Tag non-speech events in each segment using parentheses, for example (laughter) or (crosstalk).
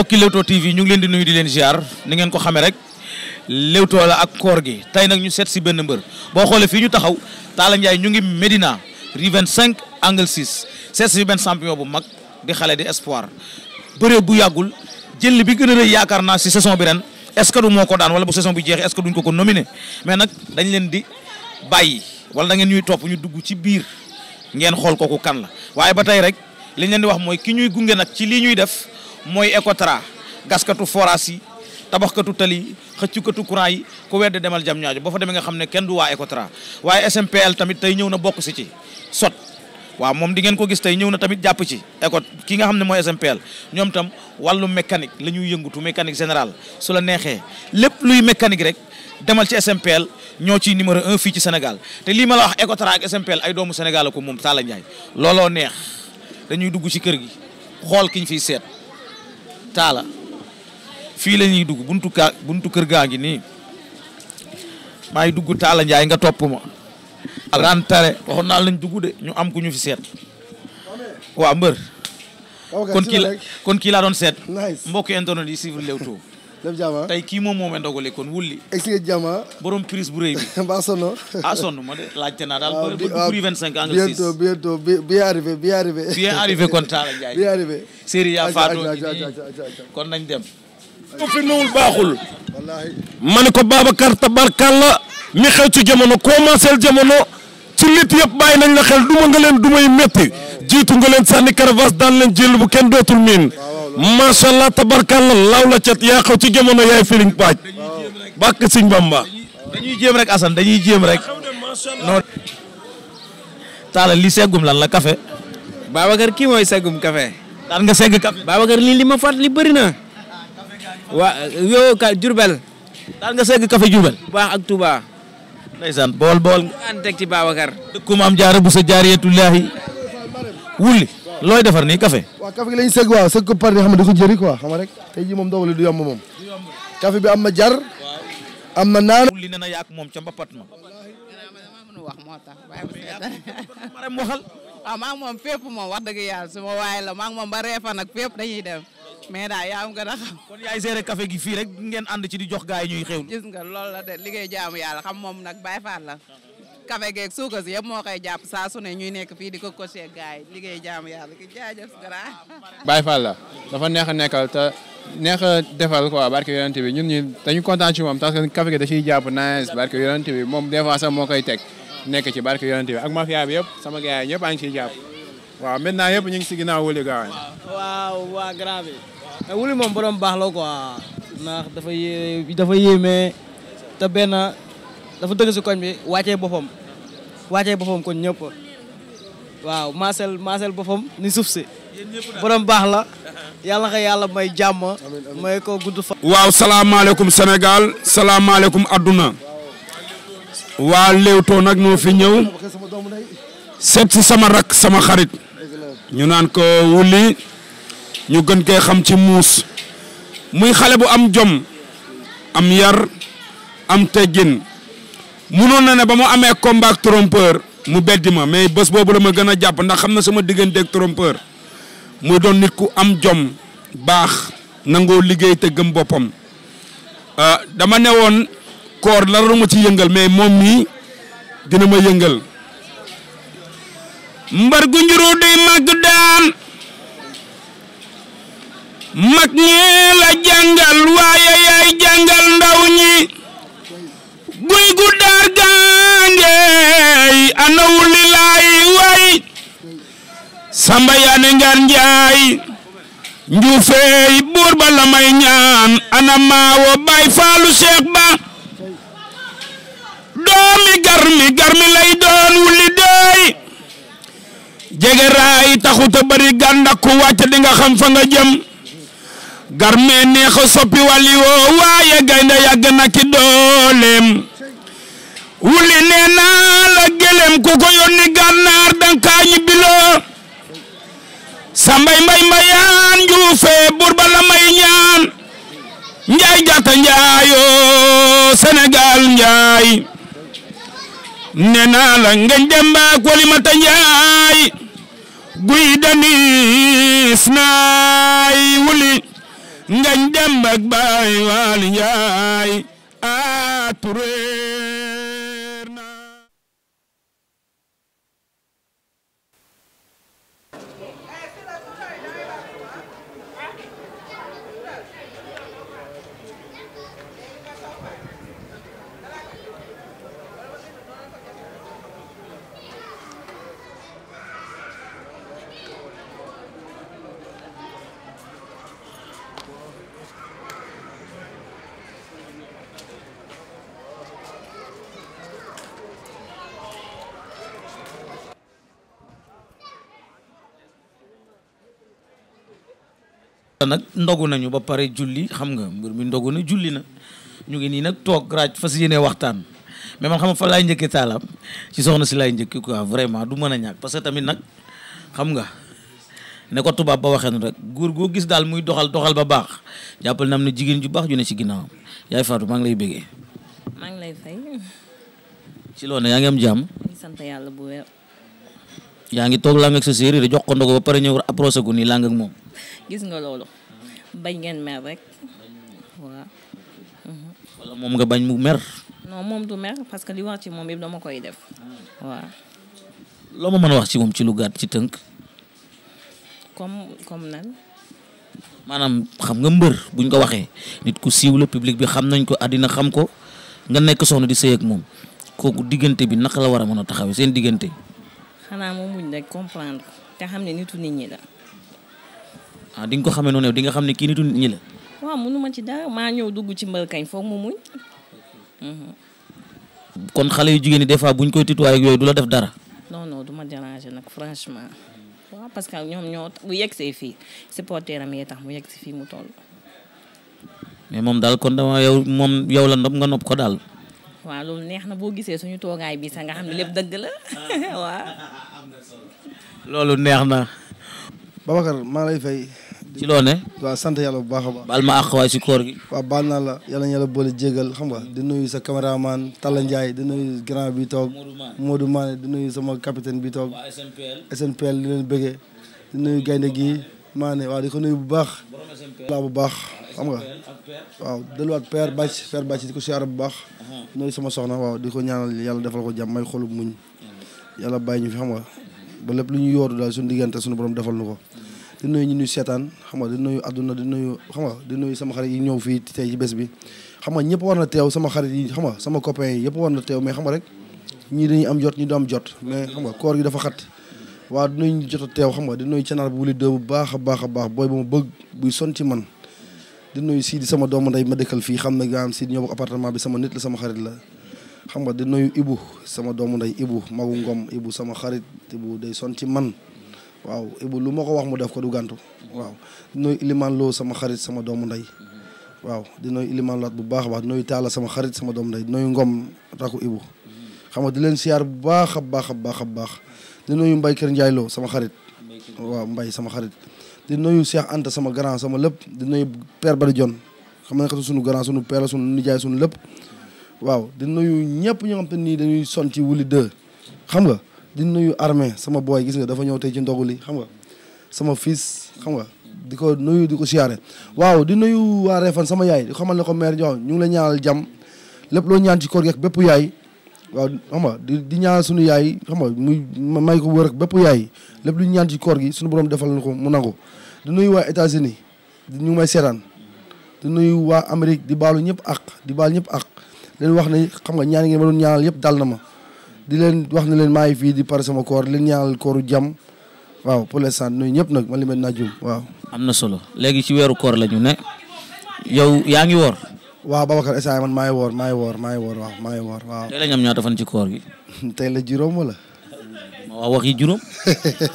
mbokki Leewtoo TV ñu ngi leen di nuyu di leen ziar ni ngeen ko xamee rek Leewtoo la ak koor gi tey nag ñu seet si benn mbër boo xoolee fii ñu taxaw Talla Ndiaye ñu ngi Medina rue 25 angle 6 seet si benn champion bu mag di xale di espoir bëree bu yàggul jël bi gën a yaakaar naa si saison bi ren est-ce que du moo ko daan wala bu saison bi jeexee est-ce que ko ko nominé mais nag dañ leen di bàyyi wala da ngeen ñuy topp ñu dugg ci biir ngeen xool ko kooku kan la waaye ba tey rek liñ leen di wax mooy ki ñuy gunge nag ci lii ñuy def. mooy Ecotra gaskatu forage yi tabaxkatu tali yi xëccukatu courant yi ku wedd demal jam ñaajo boo fa demee nga xam ne kenn du waa Ecotra waaye SMPL tamit tey ñëw na bokku si ci sot waaw moom di ngeen ko gis tey ñëw na tamit jàpp ci école ki nga xam ne mooy SMPL ñoom tam wàllu mécanique la ñuy yëngutu mécanique général su la neexee lépp luy mécanique rek demal ci SMPL ñoo ci numéro un fii ci Sénégal te lii ma la wax Ecotra ak SMPL ay doomu Sénégal ko moom Talla Ndiaye looloo neex dañuy dugg ci kër gi xool ki fiy seet taala fii la dugg buntu kaa buntu kër gaa ngi nii maa ngi dugg taala njaay nga topp ma ran tare waxoon naa lañ dugg de ñu am ku ñu fi seet waa mbër kon kii la kon kii laa doon seet mbokk internet yi suivre Leewtoo lépp jàmm ah. tey kii moom moomee ndogale kon wulli est ce que jàmm ah. borom prise bu rëy bi (laughs) mbaa sonno ah sonn ma de laajte naa daal ba prix vingt cinq angle six bientôt bientôt bi bien arrivé bien arrivé bien arrivé kon Talla Ndiaye bien arrivé série yaa faatoo kon nañ dem ko fi nowul baaxul wallaahi ma ne ko Babacar tabarkàlla mi xew ci jamono commencé jamono ci lit yëpp bàyyi nañ la xel duma nga leen dumay metti jiitu nga leen sànni caravage daan leen jël bu kenn dootul miin macha allah tabarkalla law cat yaa xaw ci jamono yaay filing paaj bàkk sëñ Bamba dañuy jéem rek Assane dañuy jéem rek noonu taala li seggum lan la kafe Babacar kii mooy seggum café daan nga segg café Babacar lii li ma fàtt li bëri na waa yow ka Jurbel daan nga segg café Jurbel baax ak bool bool nga an teg ci Babacar dëkku wulli looy defar nii kafe waaw café gi lañ sëgg waaw sëgg ko par ni xam ne di ko jëri quoi xam nga rek tey jii moom doobali du yomb moom café bi am na jar am na naan li ne na yaak moom ca mbapat ma mënu wax moo tax waaye waxal waaw ah, maa moom wax dëgg yàlla su waaye la maa moom ba reefa nag fépp dañuy dem mais daal yaa am gën kon yaay gérer café gi fii rek ngeen ànd ci di jox gaay yi ñuy xewlu gis nga loolu la de liggéey jaamu yàlla xam moom nag Baay Faal la kafe geeg suukar si moo koy jàpp saa su ne ñuy nekk fii di ko coché gaay liggéey jaamu yàlla ki la dafa neex a nekkal te neex a defal quoi barke yonent bi ñun ñu dañu kontaan ci moom parce que kafe gi da ciy jàpp nice barke yonent bi moom des moo koy teg nekk ci barke yonent bi ak mafia bi yëpp sama gars yi ñëpp a ngi ciy jàpp waaw maintenant yëpp ñu ngi si ginnaaw Wouly gaaw waaw waa grave Wouly moom borom baax la quoi ndax dafa yé dafa yéeme te benn dafa si koñ bi wàccee boppam wàccee boppam kon ñëpp waaw maasel maasel boppam ni suuf si borom baax la yàlla nga yàlla may jàmm may ko gudd fa waaw salaamaaleykum Sénégal salaamaaleykum adduna waa Leewtoo nag ñoo fi ñëw seet si sama rak sama xarit ñu naan ko Wouly ñu gën koy xam ci muus muy xale bu am jom am yar am teggin munoon na ne ba mu amee combat trompeur mu beddi ma mais bés boobu la ma gën a jàpp ndax xam na sama digganteeg trompeur muy doon nit ku am jom baax nangoo liggéey te gëm boppam euh, dama ne woon koor la ci yëngal mais moom mii dina ma yëngal mbar gu njuru day mag daan mag ñi la jàngal waaye yaay jàngal ndaw ñi guy gu daar gaangeey ana wulli laay way samba yaane njaay njuufeey buur ba la may ñaan ana maawo bay faalu seex ba doomi garmi garmi lay doon wulli deey jege taxuta bari gàndaku wàcc di xam fa nga jëm garmee neexa soppi wàlli woo waaye gaynde yàgg na ki wuli nee naa la gëlëm ku ko yónni gànnaar danga kaa ñibbiloo sa mbay mbayaan njuufee bur ba ñaan njaay jata njaayoo Sénégal njaay nee naa la ngañ demba kolimata njaay guy danis naay wuli ngañ demba ak baay waali njaay a turé nag ndogu nañu ba pare julli xam nga mbir mi ndogu na julli na ñu ngi nii nag toog raaj fas yéene waxtaan mais man xam nga fa laay njëkkee taalaam ci soxna si lay njëkki quoi vraiment du mën a ñàkk parce que tamit nag xam nga nekko tubaab ba waxee rek góor goo gis daal muy doxal doxal ba baax jàppal na am na jigéen ju baax ju ne ci ginnaawam yaay Fatou maa ngi lay bëggee. maa ngi lay fay. ci loolu yaa ngi am jàmm. sant yàlla bu wér. yaa ngi toog làng ak sa séeréer jox ko ndogu ba pare ñëw approché ko nii làng moom. gis nga loolu bañ ngeen mer rek waaw. wala moom nga bañ mu mer. non moom du mer parce que li wax ci moom yëpp dama koy def waaw. loo ma mën a wax ci moom ci lu gàtt ci tënk. comme comme nan. maanaam xam nga mbër buñ ko waxee nit ku siiw la public bi xam nañ ko àddina xam ko nga nekk soxna di sëy ak moom kooku diggante bi naka la war a mën a taxawee seen diggante. xanaa moom muñ rek comprendre te xam ne nitu nit ñi la. ah di nga ko xamee noonu di nga xam ne kii nitu nit ñi la. waaw mënu ma ci dara maa ñëw dugg ci mbal kañ foog mu muñ. Mhm. kon xale yu jigéen ñi des fois buñ koy tutoyer ak yooyu du la def dara. non non du ma déranger nag franchement. waaw parce que ñoom ñoo bu yegsee fii supporter am yee tax mu yegsi fii mu toll. mais moom daal kon dama yow moom yow la nopp nga nopp ko daal. waaw loolu neex na boo gisee suñu toogaay bi sax nga xam ne lépp dëgg la (laughs) waaw. loolu neex na. Babacar maa lay fay. ci loo ne. waaw sant yàlla bu baax a baax. ma àq waay si koor gi. waaw baal naa la yàlla ñu la boole jégal xam nga di nuyu sa caméraman Talla Ndiaye di nuyu grand bi toog. Modou Mané di nuyu sama capitaine bi toog. SNPL SNPL di leen bëggee. di nuyu gaynde gi maan waaw di ko nuyu bu baax. laa bu baax xam nga. waaw delluwaat Père Bàcc di ko si siyaare bu baax. Uh-huh. nuyu sama soxna waaw di ko ñaanal yàlla defal ko jàmm may xolu muñ. yàlla bàyyi ñu fi xam nga ba lépp lu ñu yooru daal suñu diggante suñu borom defal nu ko di nuyu ñu ñuy seetaan xam nga di nuyu àdduna di nuyu xam nga di nuyu sama xarit yi ñëw fii tey ci bés bi xam nga ñëpp war na teew sama xarit yi xam nga sama copain yëpp war na teew mais xam nga rek ñii dañuy am jot ñi du jot mais xam nga koor gi dafa xat waaw dinañ jot a teew xam nga di nuyu canaar bu wuli doo bu baax a baax a baax booy bu ma bëgg buy son ci man di yu Sidi sama doomu ndey ma dëkkal fii xam na gaam Sidi ñoo bokk appartement bi sama nit la sama xarit la xam nga di nuyu Ibu sama doomu nday Ibu magu Ngom Ibu sama xarit Ibu day son ci man waaw Ibu lu ma ko wax mu def ko du gàntu waaw di nuyu Iliman Lo sama xarit sama doomu ndey waaw di nuyu Iliman bu baax a baax di nuyu Talla xarit sama doomu nday di nuyu Ngom raku Ibu xam nga di leen siyaar bu baax a baax a baax a baax di nuyu Mbaye Kër Ndiaye Lo sama xarit waaw mbay sama xarit di nuyu Cheikh Anta sama grand sama lépp di nuyu Père Bari Dione xam nga sunu grand sunu père sunu nijaay sunu lépp waaw di nuyu ñëpp ñoo xam te nii dañuy son ci Wouly 2 xam nga di nuyu armée sama booy gis nga dafa ñëw tey ci ndogu li xam nga sama fils xam nga di ko nuyu di ko siyaare waaw di nuyu waa Réfane sama yaay di xamal ne ko maire Ndiakhate ñu ngi la ñaanal jàmm lépp loo ñaan ci koor gi ak yaay waaw di di ñaanal suñu yaay xam nga muy may ko wër bépp yaay lépp lu ñu ñaan ci koor gi sunu borom defal na ko mu nangu di nuyu waa États-Unis di ñu may seetaan di nuyu waa Amérique di baalu ñëpp ak di baal ñëpp ak leen wax ne xam nga ñaan ngeen ma doon ñaanal yëpp dal na ma di leen wax na leen maa ngi fii di pare sama koor leen ñaanal kooru jam waaw pour l'instant nuyu ñëpp nag ma li naa jum waaw. am na solo léegi ci weeru koor la ñu ne yow yaa ngi woor. waaw Babacar Essa man maa ngi woor maa ngi woor maa ngi woor waaw maa ngi woor waaw. tey la ñaata fan ci koor gi. (laughs) tey la juróom wala. waaw waxi juróom.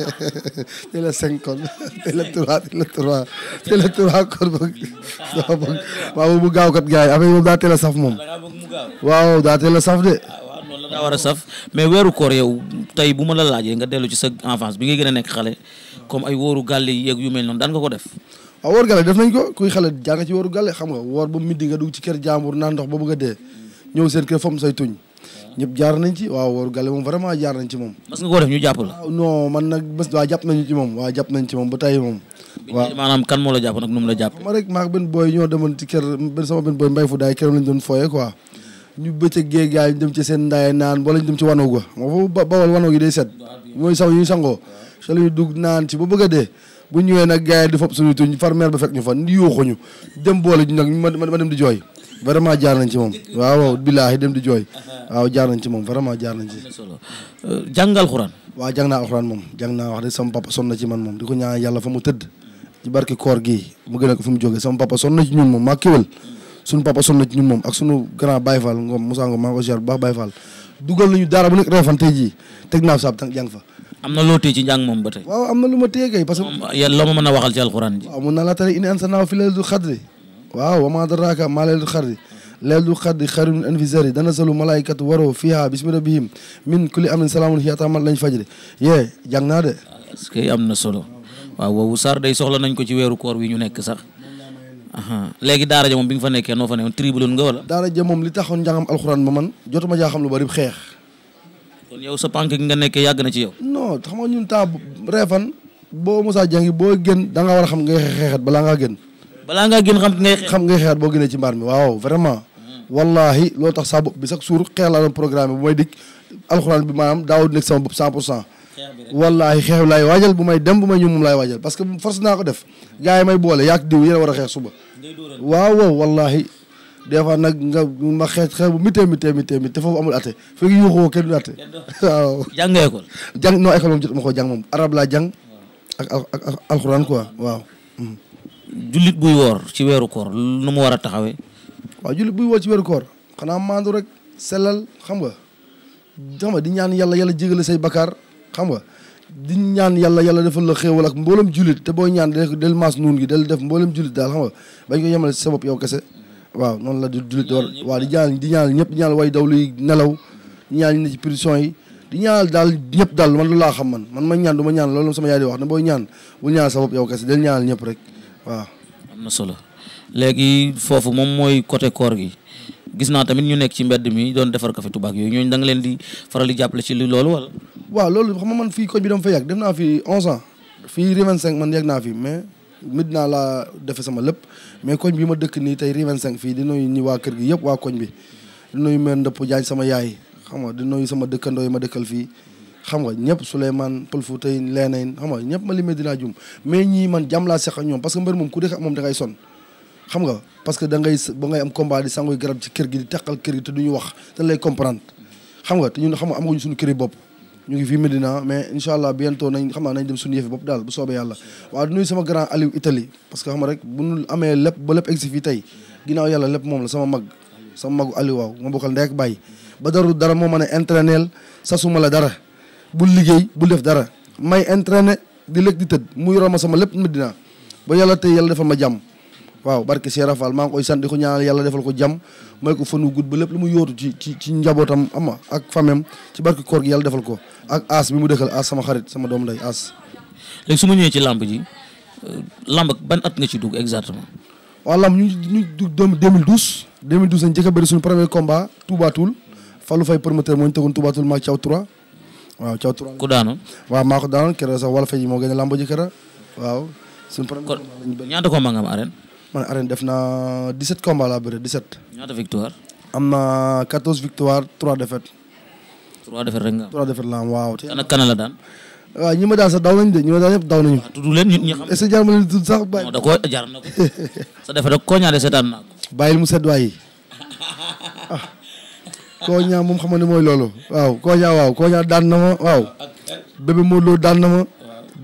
(laughs) tey la cinq kon tey la trois tey la trois tey la trois bu gaaw kat gars yi affaire moom daa teel a saf moom. waaw daa teel a saf de. Ah, daa war a saf mais weeru koor yow tey bu ma la laajee nga dellu ci sa enfance bi ngay gën nekk xale comme ay wóoru gàlle yeeg yu mel noonu daan nga ko def. waaw ah, wóor gàlle def nañ ko kuy xale jàng ci wóoru gale xam nga woor ba midi nga dugg ci kër jàmbur naan ndox ba bëgg a dee ñëw seen kër fam say tuñ. ñëpp jaar nañ ci waaw Wóoru Gale moom vraiment jaar nañ ci moom. mas nga koo def ñu jàpp la. non man nag waa jàpp moom waa jàpp nañ ci moom ba tey moom. moo la jàpp nag nu mu la jàpp. ma rek maa benn booy ñoo demoon ci kër benn sama benn booy mbay fu daay këram lañ doon fooye quoi ñu bëccëg géej gaay ñu dem ci seen ndaay naan wala ñu dem ci wanoo moo foofu ba bawal wanoo gi set mooy saw ñuy sangoo sa la ñu dugg naan ci ba bëgg dee bu ñëwee nag gars yi di fopp suñu tuñ farmeer ba fekk ñu fa yuuxuñu dem boole ñu nag ma dem di jooy vraiment jaar nañ ci moom waaw waaw billaahi dem di jooy waaw jaar nañ ci moom vraiment jaar nañ ci euh, jàngal alxuraan waaw jàng naa alxuraan moom jàng naa wax de sama papa sonn na ci man moom di ko ñaan yàlla mu tëdd ci barke koor gi mu gën a ko fi mu jógee sama papa sonn na ci ñun moom maa kiwal suñu papa sonn ci ñun moom ak suñu grand Baye Fall Ngom Moussa Ngom maa ngi ko ziar bu baax Baye Fall naa na loo téye a waxal ci alxuraan mun naa laa tare ini an sa naaw waaw wa maa daraaka maa laylatul xadri laylatul xadri xayrun min alfi sahri tanazzalul malaa'ikatu waroo fiihaa bismi rabbihim min kulli amrin salaamun hiya hattaa matla'il fajri yee jàng naa de est am na solo waaw woowu sar day soxla nañ ko ci weeru koor wi ñu nekk sax léegi daara ja moom bi nga fa nekkee noo fa nekkoon tribulon nga wala daara ja moom li taxoon njàngam alxuraan man jotuma jaa xam lu bari xeex kon sa pànk nga nekkee yàgg na ci yow non xam ñun temps reefan boo mosaa jàngi boo gën da nga war a xam nga xeexeet balaa ngaa gën balaa ngaa gën xam ngay xam ngay xeexaat boo gënee ci mbaar mi waaw vraiment wallahi loolu tax saa bi chaque suur xeex laa doon programme bu may dikk alxuraan bi maanaam daawul nekk sama bopp cent pour cent wallahi xeex bi laay waajal bu may dem bu may ñëw moom laay waajal parce que force naa ko def gars may boole yaak diw yéen war a xeex suba waaw waaw wallahi des fois nag nga ma xeex xeex bu mitee mitee mi mitee foofu amul atte fi ngi yuuxoo kenn du atte waaw jàng nga école jàng moom jot moom arab laa jàng ak ak alxuraan quoi julit buy woor ci weeru koor nu mu war a taxawee. waaw jullit buy woor ci weeru koor xanaa maandu rek sellal xam nga xam nga di ñaan yàlla yàlla jégale say bakkaar xam nga di ñaan yàlla yàlla defal la xéewal ak mboolem jullit te booy ñaan del del maas nuun gi del def mboolem jullit daal xam nga bañ ko yemale sa bopp yow kese waaw noonu la di jullit war waaw di ñaan ñëpp ñaan way daw luy nelaw di ñaan ne ci prison yi di ñaanal daal ñëpp daal man lu laa xam man man ma ñaan du ñaan loolu sama yaay wax ne booy ñaan bu ñaan sa yow kese del ñaanal ñëpp rek waaw am na solo léegi foofu moom mooy côté koor gi gis naa tamit ñu nekk ci mbedd mi doon defar café tubaab yooyu ñooñu danga leen di faral di jàppale ci loolu wala. waaw loolu xam nga man fii koñ bi dama fa yàgg def naa fi 11 ans fii Rue 25 man yàgg naa fi mais Médina laa defe sama lépp mais koñ bi ma dëkk nii tey Rue 25 fii di nuyu ñi waa kër gi yëpp waa koñ bi di nuyu mère Ndëpp Jaañ sama yaay xam nga di nuyu sama dëkkandoo yi ma dëkkal fii. xam nga ñëpp Souleymane Pël Fuutayin leenayin xam nga ñëpp jum mais ñii man jàmm laa seq ñoom parce que mbër moom ku def ak moom da ngay son xam nga parce que da ngay ba ngay am combat di sangoy garab ci kër gi di teqal kër wax te lay comprendre xam nga te ñun xam nga kër yi bopp ñu ngi fii Medina mais incha allah bientôt nañ xam naa nañ dem suñu yëfi bopp daal bu soobee yàlla waaw nuyu sama grand Aliou Italie parce que xam nga rek bu ñu amee lépp ba lépp egsi fii tey ginnaaw yàlla lépp moom la sama mag sama magu Aliou waaw ma bokkal ndek bàyyi ba daru dara moo ma a entraîner sasuma la dara bu liggéey bu def dara may entraîné di lekk di tëdd muy ma sama lépp ma dinaa ba yàlla tey yàlla defal ma jàmm waaw barke Seera Fall maa ngi koy sant ko ñaanal yàlla defal ko jàmm may ko fanu gudd ba lépp lu mu yootu ci ci ci njabootam ama ak famem ci barke koor gi yàlla defal ko ak aas bi mu dëkkal aas sama xarit sama doom lay aas léegi su ma ñëwee ci làmb ji làmb ban at nga ci dugg exactement waaw làmb ñu ñu dugg 2012 2012 lañ njëkk a bëri suñu premier combat Touba Toul Fallou Faye promoteur waaw caw turam ku daanoon waaw maa ko daanoon keroog sax wala fa yi moo gën a lambo waaw suñu premier combat lañu bëri ñaata combat nga am arène def na 17 combat laa bëri 17 ñaata victoire am na 14 victoire 3 défaites 3 défaites rek nga am waaw te ana kana la daan waaw ñi ma daan sax daw nañ de ñi ma daan yëpp daw nañu ah, tudd leen ñun sax bàyyi ko jar na (laughs) sa defe koo ñaare seetaan naa ko bàyyil mu sedd waay (laughs) Koña moom xam ne mooy loolu. waaw Koña waaw Koña daan na ma waaw. bébé Modou Lo daan na ma.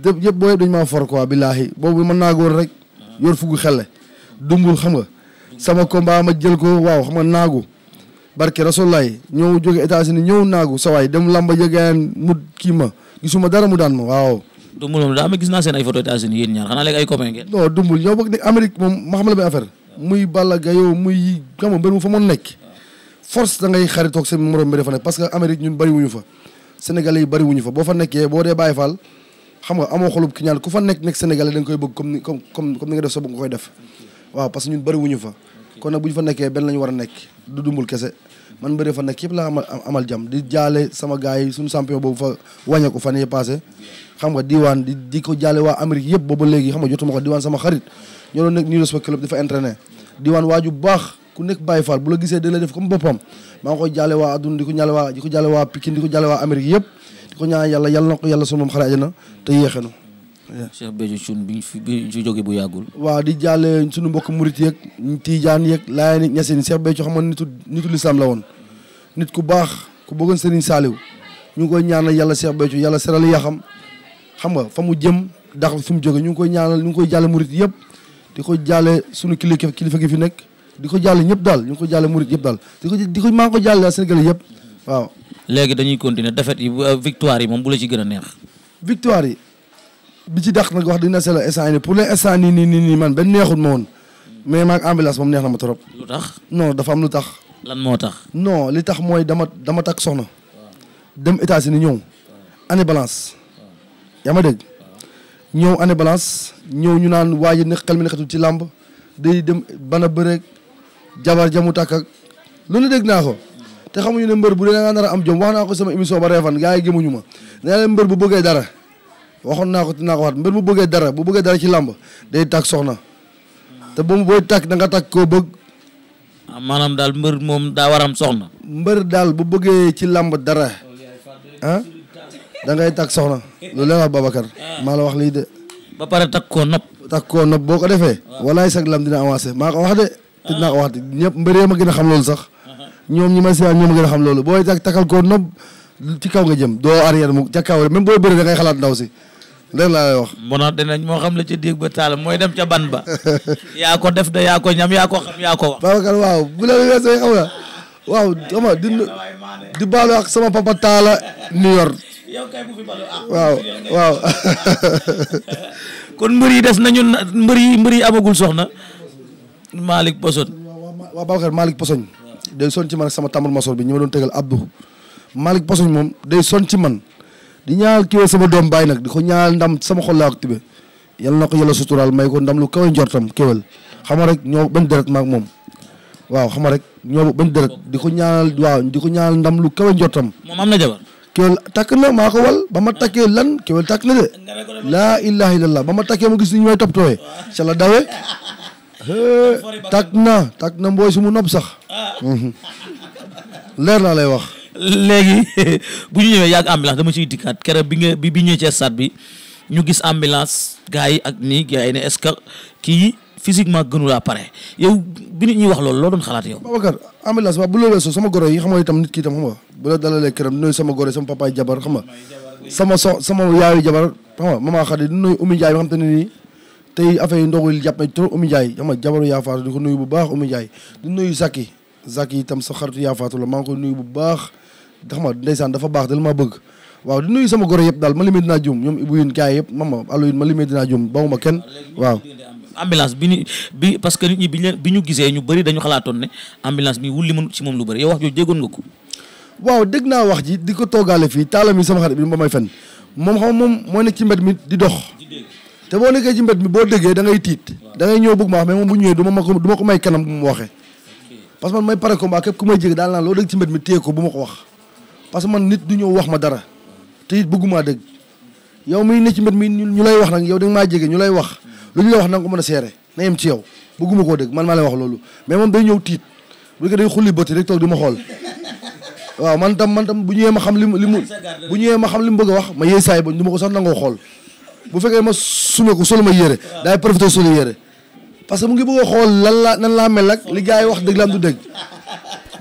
yëpp yëpp booy dañu maa for quoi billaahi boobu mën naa rek. yor fugu xelle. dumbul xam nga. sama combat ma jël ko waaw xam nga naagu. barke rasulaay ñëw jóge États-Unis ñëw naagu sa waay dem lamba jegeen mu kii ma gisuma dara mu daan ma waaw. dumbul moom daa ma gis naa seen ay photo États-Unis yéen ñaar xanaa léegi ay copain ngeen. non ma affaire. muy Balla Gaye muy xam nga mbir mu fa mu nekk. force da ngay xaritoog sa morom bi dafa nekk parce que Amérique ñun bëri wuñu fa sénégalais yi bëri wuñu fa boo fa nekkee boo dee bàyyi faal xam nga amoo xolub ki ñaan ku fa nekk nekk sénégalais da nga koy bëgg comme ni comme comme ni nga def nga di jaale diwaan di di ko jaale waa Amérique yëpp booba léegi xam nga jotuma ko diwaan sama xarit ñoo doon nekk New Respect Club dafa entraîné diwaan waaju baax ku nekk bàyyi Fall bu la gisee da lay def comme boppam maa ngi ko jàlle waa adduna di ko jàlle waa di ko jàlle waa Pikine di ko jàlle waa Amérique yëpp di ko yàlla yàlla na ko yàlla sama moom xale àjjana te yéexenu Cheikh Béthio Thioune bi fi bi ci jóge bu yàggul waaw di jàlle suñu mbokk murit yeeg Tiijaan yeeg Laayeen yeeg Ñaseen Cheikh Béthio xam nga nitu nitu lislaam la woon nit ku baax ku bëggoon Serigne Saliou ñu ngi koy ñaanal yàlla Cheikh Béthio yàlla seral yaxam xam nga fa mu jëm dax fi mu jóge ñu ngi koy ñaanal ñu ngi koy jàlle murit yëpp di ko jàlle suñu kilifa kilifa gi fi nekk di ko jàll ñëpp daal ñu ngi ko jàll daal ko di ko maa ngi ko jàll Sénégal yëpp waaw léegi dañuy continuer défaite yi euh, victoire yi moom bu la ci gën a neex victoire yi bi ci dàq nag wax dina sela instant yi nii pour l'instant nii nii nii man benn neexul ma woon mais maag ambulance moom neex na ma trop lu dafa am lu tax lan moo tax non li tax mooy dama dama takk soxna dem États-Unis ñëw année balance yaa ma dégg ñëw année balance ñëw ñu naan waaji ne xel mi nekkatul ci làmb day dem bana bëreeg jabar jamu takk ak loolu dégg naa ko te ñu ne mbër bu dee da ngaa nar am jom wax naa ko sama émission ba reefan gars yi gëmuñu ma nee leen mbër bu bëggee dara waxoon naa ko dinaa ko waxat mbër bu bëggee dara bu bëggee dara ci làmb day takk soxna te boobu booy takk da nga koo bëgg ah, maanaam daal mbër moom daa war am soxna mbër daal bu bëggee ci làmb dara ah da ngay takk soxna loolu la wax Babacar ah. maa la wax lii de ba pare takk koo nopp takk koo nopp boo ko defee ah. walaay sag lam dina avancé maa ko wax de te dinaa ko ñëpp mbëree ma gën a xam loolu sax ñoom ñi ma siyaar ñoom ma gën a xam loolu booy takal koo nopp ci kaw nga jëm doo arrière mu ca kaw même booy bëri da ngay xalaat ndaw si léeg laa ah, moo xam la ca taal mooy dem ca ban ba yaa ko def de yaa ko ñam yaa yaa ko wax waaw bu di di sama papa taala New York ah. waaw waaw (laughs) kon mbër yi des nañu mbër yi mbër yi amagul soxna Malick Poson. waaw Babacar Malick Poson. day son ci man ak sama tambour masoor bi ñi ma doon tegal Abdou. Malick Poson moom day son ci man. di ñaanal kiiwee sama doom baay nag di ko ñaanal ndam sama xol laa ko tibe yal ndam lu kawe njortam kéwél xam nga rek ñoo bañ deret moom waaw xam nga rek ñoo bañ deret di ko ñaanal di ko ñaanal ndam lu kawe njortam. moom am na jabar. kéwél takk na maa ko wal ba ma takkee lan kéwél takk na de. laa ilaha illallah ba ma takkee ma gis ni ñu may toppatooyee. ca la dawee tag na tag na mbooy su mu nopp sax leer laa lay wax léegi bu ñu ñëwee yàgg ambulance dama ciy dikkaat keroog bi nga bi bi ñëwee ci stade bi ñu gis ambulance gars yi ak nii gars yi ne est-ce que kii physiquement gënu laa pare yow bi nit ñuy wax loolu loo doon xalaat yow Babacar ambulance waaw bu loolu weesoo sama goro yi xam nga itam nit ki itam bu la dalalee këram nuyu sama goro sama papaay jabar xam sama so sama yaayu jabar xam nga mama Xadi nuyu Umi Njaay bi xam te nii tey affaire yi ndox yi jàpp na trop Oumy Ndiaye xam nga jabaru yaafaatu di ko nuyu bu baax Oumy Ndiaye di nuyu Zaki Zaki itam sa xaritu yaafaatu la maa ngi koy nuyu bu baax xam nga ndeysaan dafa baax dala maa bëgg waaw di nuyu sama goro yëpp daal ma limee dinaa juum ñoom Ibou yin gars yëpp mama allo yin ma limee dinaa juum kenn waaw ambulance bi ñu bi parce que nit ñi bi ñu gisee ñu bëri dañu xalaatoon ne ambulance bi wulli mënu ci moom lu bëri wax jooju déggoon ko waaw dégg naa wax ji di ko toogaale fii taala mi sama xarit bi ba may fen moom xam moom moo nekk ci mbed mi di dox te boo nekkee ci mbet mi boo déggee dangay ngay tiit da ngay ñëw bëgg ma wax mais moom parce que man may pare combat képp ku may jég daal naa loo dégg bu ma parce que man nit du ñëw wax ma dara te it bëggumaa dégg yow mi ne ci mbet mi ñu lay wax nag yow da nga maa jege ñu lay wax lu ñu lay wax na nga ko mën a yem ci yow bëgguma koo dégg man maa lay wax loolu mais moom day ñëw tiit bu ko day xulli bëti rek toog di ma xool (laughs) waaw man tam man tam bu ñëwee ma xam li mu li mu bu ñëwee ma xam li mu bëgg wax ma yéey saay ba du ma ko sax nangoo xool bu fekee ma sumee ko solu ma yére daay profité solu yére parce que mu ngi bëgg a xool lan la nan laa mel ak li gars yi wax dëgg la am deg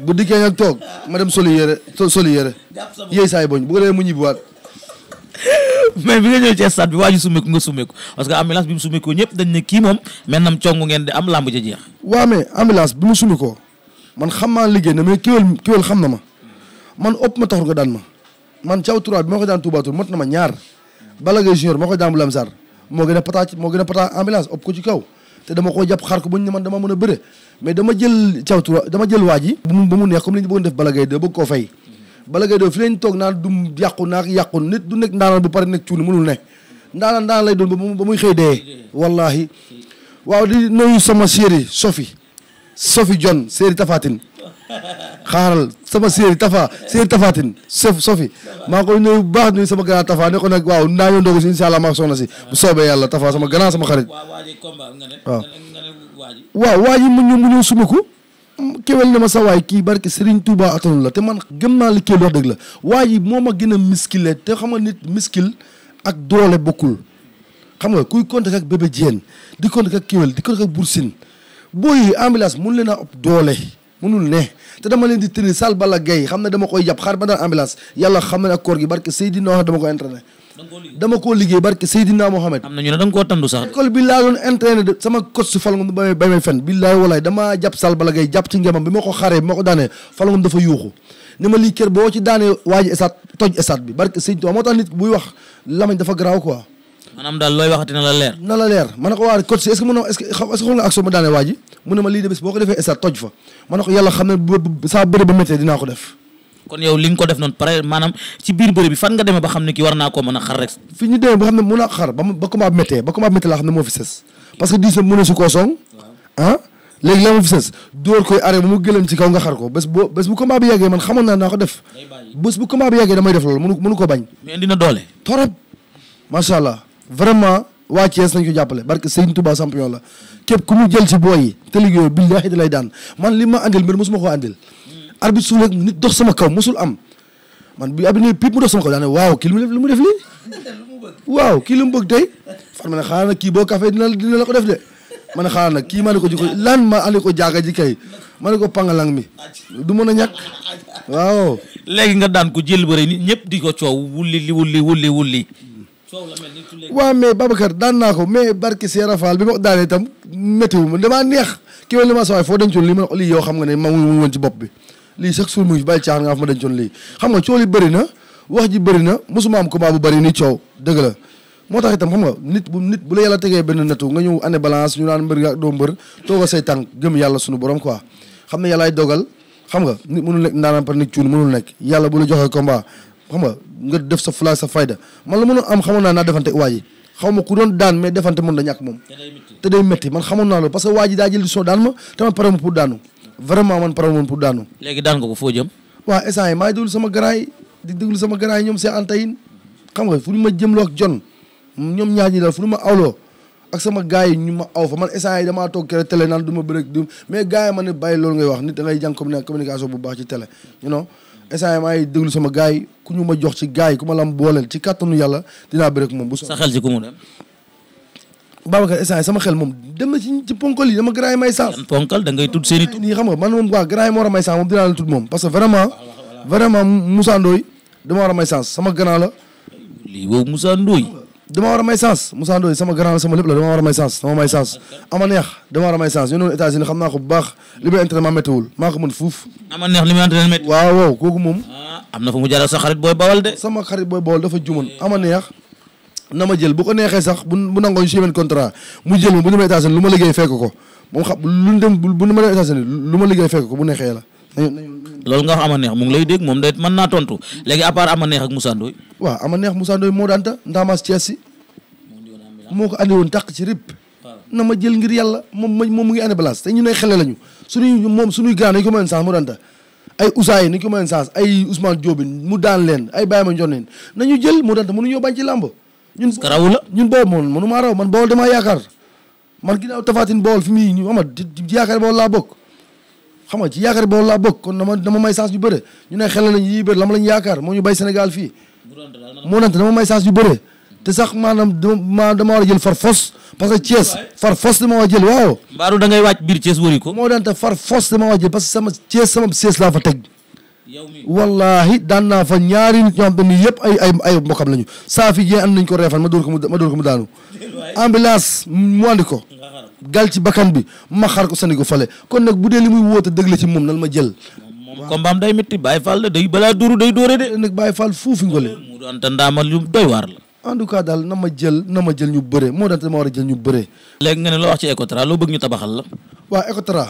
bu dikkee nag toog ma dem solu yére solu yére yéey saay boñ bu ko defee mu ñibbiwaat mais bi nga ñëw ci bi waa ji nga sumeeku parce que ambulance bi mu ñëpp dañ ne kii moom maintenant cong ngeen di am làmb ja jeex waaw mais ambulance bi mu sumekoo man xam maa liggéey na mais kiwél kiwél xam na ma man ëpp ma taxul ko daan ma man caw trois moo ma ko daan tuubaatul mot na ma ñaar Balla Gaye junior moo ko daan bu moo gën a pataat moo gën a pataat ambulance ëpp ko ci kaw te dama koo jàpp xaar ko buñ ne man dama mën a bëre mais dama jël cawtu dama jël waa ji bu mu ne comme li ñu bëggoon def Balla Gaye de bëgg koo fay Balla Gaye de fi leen toog naan du yàqu naak yàqu nit du nekk ndaanaan bu pare nekk cuuni mënul ne ndaanaan lay doon ba muy xëy dee wallahi waaw di nuyu sama séeri Sofi Sofi John séeri Tafatine xaaral sama séeri tafa séeri tafatin sof sofi maa koy nuyu bu baax nuyu sama grand tafa ne ko nag waaw naa ñoo ndogu si incha allah maa soxna si bu soobee yàlla tafa sama grand sama xarit waaw waaw waa ji mu ñu mu ñëw sumaku kéwél na ma sa waay kii barke Serigne Touba atanu la te man gëm li kéwél wax dëgg la waa ji moo ma gën a miskile te xam nga nit miskil ak doole bokkul xam nga kuy contact ak bébé Diène di contact ak kéwél di contact ak Bour Sine booy munul ne te dama leen di tëri sal bala gay xam ne dama koy jàpp xaar ba daan ambulance yàlla xam ne ak koor gi barke Seydina Mohamed dama dama koo liggéey barke Seydina Mohamed am na ñu ne da nga koo tandu sax école bi laa doon entraîné de sama coach fal ngom ba ba may fen billaay walaay damaa jàpp sal bala gay jàpp ci ngemam bi ma ko xaaree bi ma ko daanee fal ngom dafa yuuxu ni ma lii kër boo ci daanee waaji esat toj esat bi barke Seydina moo tax nit buy wax lamañ dafa garaaw quoi maanaam daal looy waxati na la leer na la ko waa coach est-ce que mën na daane waa ji mu ma lii de bés boo ko defee stade toj fa ma ne dinaa ko def kon bi a xar rek fi a xar ba a ah? ko bés bu bés bu combat bi yàggee man xamoon naa naa ko def bés bu combat bi yàggee damay def loolu mënu mënu ko bañ mais indi na doole torop macha allah vraiment waa Thiès nañ ko jàppale barke Serigne Touba champion la képp ku mu jël ci booy yi te liggéey billahi da lay daan man li ma andil mbir mosuma koo andil. arbitre suuf rek nit dox sama kaw mosul am man bi abi ne pip mu dox sama kaw daane waaw kii lu mu def lii waaw kii lu mu bëgg tey fan ma ne xaaral nag kii boo café dina dina la ko def de ma ne xaaral kii ma ne ko jiko lan ma andi ko jaaga ji kay ma ne ko pangalang mi du mën a ñàkk waaw léegi nga daan ko jël bëre ni ñëpp di ko coow wulli li wulli wulli wulli waa mais Babacar daan naa ko mais barki Seera Fall bi ma daanee itam météo ma damaa neex ki ma sawaay foo dencoon lii ma lii yow xam nga ne ma mu bopp bi lii chaque jour mu ngi fi bàyyi caaxaan nga fa na wax ji bëri na mosuma am combat bu bëri ni coow dëgg la moo tax itam xam nga nit bu nit bu la yàlla tegee benn nattu nga ñëw année balance ñu naan mbër nga ak doo mbër tooga say tànk gëm yàlla suñu borom quoi xam ne yàllaay dogal xam nga nit mënul nekk ndaanaan par nit cuun mënul nekk yàlla bu la joxee combat xam nga nga def sa fula sa fayda man la mënoon am xamoon naa naa defante waa ji xaw ma ku doon daan mais defante mën na ñàkk moom te day métti man xamoon naa loolu parce que daa jël décision daan ma te man pare ma pour daanu vraiment man pare ma pour daanu léegi daan ko foo jëm waaw instant maa ngi sama grand yi di anta yin xam fu ñu ma jëmloo ak jon ñoom ñaar ñi daal fu ñu ma awloo ak sama gars yi ma aw fa man instant yi damaa kere télé naan du ma bëri du mais essai maa ngi déglu sama gars yi ku ñu ma jox ci gars yi ku ma lam booleel ci kàttanu yàlla dinaa bëre ak moom bu sa xel ci ku mu dem Babacar essai sama xel moom dem na ci ci ponkal yi dama grand yi may saas ponkal da ngay tudd seen i xam nga man moom waa grand yi ma war a may saas moom dinaa la tudd moom parce vraiment vraiment Moussa Ndoye dama war a may saas sama grand la lii woowu Moussa Ndoye dama war a may sens Moussa Ndoye sama grand sama lépp la dama war a may sens dama may sens ama neex dama war a may sens ñu noonu états xam naa ko bu baax li muy entraînement méttiwul ma ko mën fuuf ama neex li muy moom ah, am na fu mu jaral sa xarit booy bawal de sama xarit booy bawal dafa jumoon ama neex na ma jël bu ko neexee sax bu bu nangoo ñu simen contrat mu jël ma bu ñu lu ma liggéey fekk ko moom xam lu bu ñu demee états lu ma liggéey fekk ko bu neexee la loolu nga wax ama neex mu ngi lay dégg moom day mën naa tontu léegi à part ama neex ak Moussa Ndoye waaw ama neex Moussa Ndoye moo daan ta ndaamaas Thiès si moo ko andi woon tàq ci rip na ma jël ngir yàlla moom ma moom mu ngi andi place te ñu ne xele lañu suñuy moom suñuy grand nañu ko mayoon chance mu daan ta ay Ousaye nañu ko mayoon chance ay Ousmane Diobine mu daan leen ay Baye ma na nañu jël mu daan ta mënuñoo bañ ci làmb ñun raw la ñun boobu moom mënu maa raw man bool damaa yaakaar man ginnaaw tafaatin bool fi muy ñu ama yaakaar bool laa bokk xam nga ci yaakaar boobu laa bokk kon dama dama may chance yu bëre ñu ne xel nañ yii bëri la ma lañ yaakaar moo ñu bay Sénégal fii moo nante dama may chance yu bëre te sax maanaam dama dama war a jël far fos parce que Thiès far fos dama war a jël waaw mbaaru da ngay moo daan te far fos dama war a jël parce sama Thiès sama Thiès laa fa teg wallahi daan naa fa ñaari nit ñoo xam te ni yëpp ay ay ay lañu saafi jee and nañ ko reefan ma dóor ko mu ko mu daanu ambulance mu andi ko gal ci bakkan bi ma xar ko sani fale kon nag bu dee li muy woote dëgg la ci moom nan ma jël moom combat am day métti Baye Fall day balaa dóoru day dóore de nag Baye Fall fuufi ngole anta ndaamal yu doy waar la en tout daal na ma jël na ma jël ñu bëre moo dante dama war a jël ñu bëre léegi nga ne loo wax ci Ecotra loo bëgg ñu tabaxal la waaw Ecotra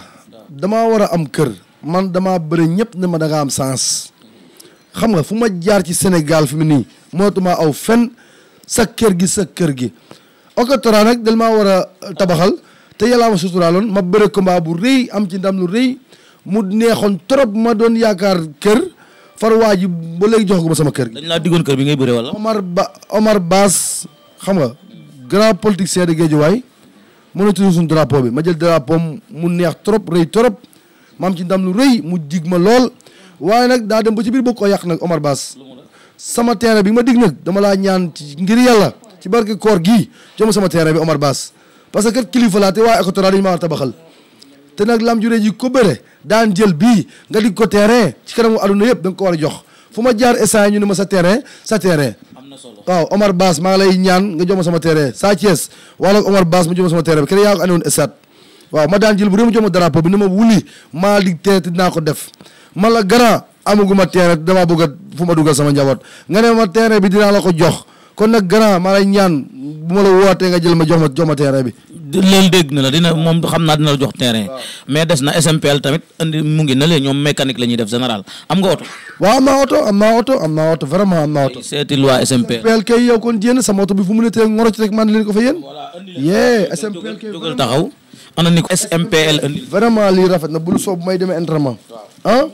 damaa a am kër man damaa bëri ñëpp na ma da nga am sens xam nga fu ma jaar ci Sénégal fi mu nii mootuma aw fen sa kër gi sa kër gi Ocotra nag dal ma war a euh, tabaxal te yàllaa ma suturaaloon ma bëre combat bu rëy am ci ndam lu rëy mu neexoon trop ma doon yaakaar kër far waa ji ba léegi jox ko ma sama kër gi. dañ laa diggoon kër bi ngay bëre wala. Omar Ba Baas xam nga grand politicien de Guédiawaye mën a bi ma jël drapeau mu neex trop rëy trop. maam ci ndam lu rëy mu dig ma lool waaye nag daa dem ba ci biir bokk ko yàq nag Omar Baas sama terrain bi ma dig nag dama laa ñaan ci ngir yàlla ci barke koor gi jox sama terrain bi Omar Baas parce que kat kilifa laa te waa Ecotra dañu maa tabaxal te ji ko daan jël bii nga dig ko terrain ci kanamu aduna yëpp da war a jox fu ma jaar essai ñu ma sa terrain sa terrain. waaw Omar Baas maa ngi lay ñaan nga jox ma sama terrain Sa Thiès wala Omar Baas mu jox ma sama terrain bi kenn yaa ko andi woon waaw ma daan jël bu réew mi drapeau bi ni ma wuli maa di teel dinaa ko def ma la grand amaguma terrain damaa bëgg a fu ma dugal sama njaboot nga ma terrain bi dinaa la ko jox kon nag grand maa ñaan bu ma la wootee nga jël ma jox ma jox bi. leen dégg na la dina moom xam naa dina jox terrain. mais des na SMPL tamit andi mu ngi na leen mécanique la ñuy def général am nga oto. waaw am naa oto am naa vraiment am naa waa SMPL. SMPL kay yow kon jéem sama oto bi fu mu ne tee ngoro ci rek man leen ko fa yéen. voilà andi leen SMPL kay dugal taxaw. ana ni ko SMPL indi. lii rafet na bul soob may demee entraînement. ah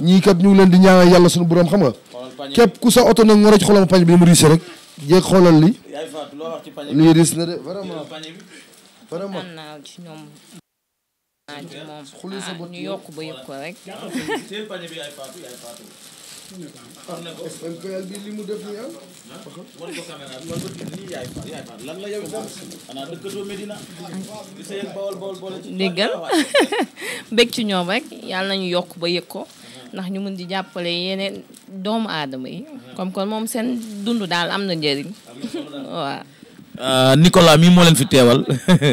ñii kat ñu ngi leen di ñaanal yàlla suñu borom xam nga. képp ku sa oto nag nga rëcc xoolal ma pañ bi mu riis rek. jéeg xoolal li lii riis na de vraiment vraiment. xuli sa bët ñu yokk ba yëg ko rek. (laughs) MPL bi ci. déggal (laughs) bég ci ñoom rek yàlla nañu yokk ba yëg ko. ndax ñu mun di jàppale yeneen doomu aadama yi. comme moom seen dund daal am na njëriñ. waaw. Nicolas mii moo leen fi teewal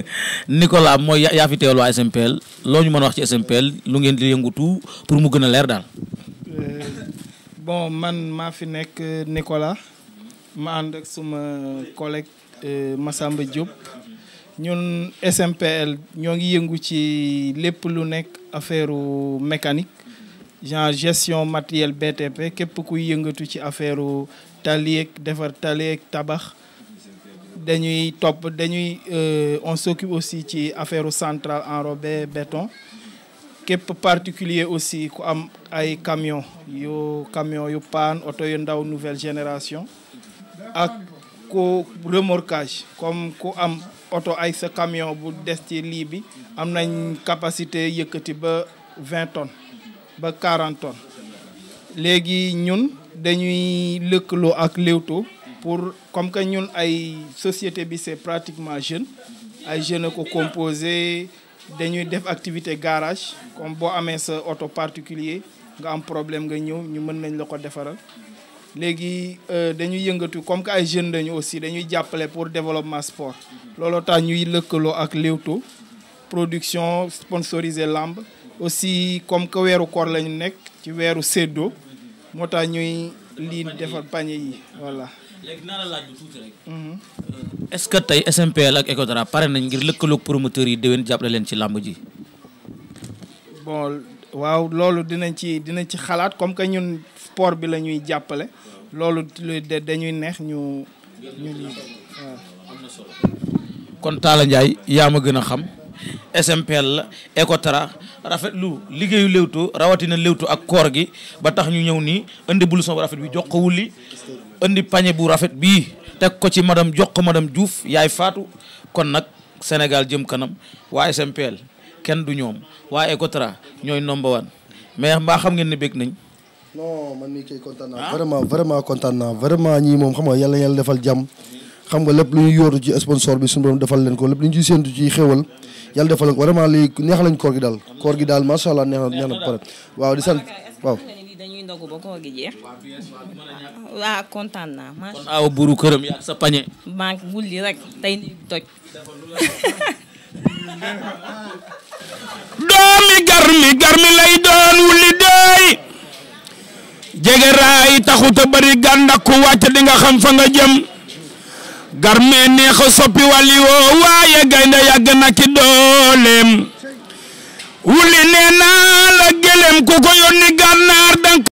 (laughs) Nicolas mooy yaa fi teewal waa SMPL loo ñu mën a wax ci SMPL lu ngeen di yëngutu pour mu gën a leer daal. bon man maa fi nekk euh, Nicolas ma ànd ak suma collègue euh, Massamba Diop ñun SMPL ñoo ngi yëngu ci lépp lu nekk affaire mécanique genre gestion matériel BTP képp kuy yëngatu ci affaire taliyeeg defar taliyeeg tabax dañuy topp dañuy euh, on s'occupe aussi ci affaire centrale enrobée béton képp particulier aussi ku am ay camion yu camion yu paan oto yu ndaw nouvelle génération ak ku remorquage comme ku am oto ay sa camion bu des ci lii bi am nañ capacité yëkkati ba vingt tonnes ba quarante tonnes léegi ñun dañuy lëkkaloo ak Leewtoo pour comme que ñun ay société bi c'est pratiquement jeune ay jeunes ko composé dañuy def activité garage comme boo amee sa auto particulier nga am problème nga ñëw ñu mën nañ la ko defaral léegi euh, dañuy yëngatu comme que ay jeunes lañu aussi dañuy jàppale pour développement sport looloo tax ñuy lëkkaloo ak Leewtoo production sponsorisé lamb aussi comme que weeru koor lañu nekk ci weeru séddoo moo tax ñuy liin defar pañe yi voilà léegi naa la mm-hmm. est-ce que tey SMPL ak Ecotra pare nañ ngir lëkkaloog promoteurs yi déwén jàppale leen ci làmb ji. bon waaw loolu dinañ ci dinañ ci xalaat comme que ñun sport bi la ñuy jàppale. loolu dañuy neex ñu kon Talla Ndiaye yaa gën a xam. SMPL la Ecotra rafetlu liggéeyu Leewtoo rawatina Leewtoo ak koor gi ba tax ñu ñëw nii indi bulu rafet bi jox ko wulli indi pañe bu rafet bii teg ko ci madame jox ko madame Diouf yaay faatu kon nag Sénégal jëm kanam waaye SMPL kenn du ñoom waaye Ecotra ñooy number one mais mbaa xam nga ne bëgg nañ. non man mii kay kontaan ah? kontaan naa vraiment ñii moom xam nga yàlla yàlla defal jàmm. xam nga lépp lu ñuy yóotu ci sponsor bi suñu borom defal leen ko lépp lu ñu ciy séntu ci xéwal yàlla defal ko vraiment lii neex lañ koor gi daal koor gi daal macha allah neex na neex na pare waaw di sant waaw. dañuy (laughs) doomi garmi garmi lay doon wulli deey jege raay taxuta bari gàndaku wàcc di xam fa jëm garmee neexa soppi wàlli woo waaye gaynde yàgg na ki dooleem wuli nee naa la gëlëm ku ko yónni gànnaar dang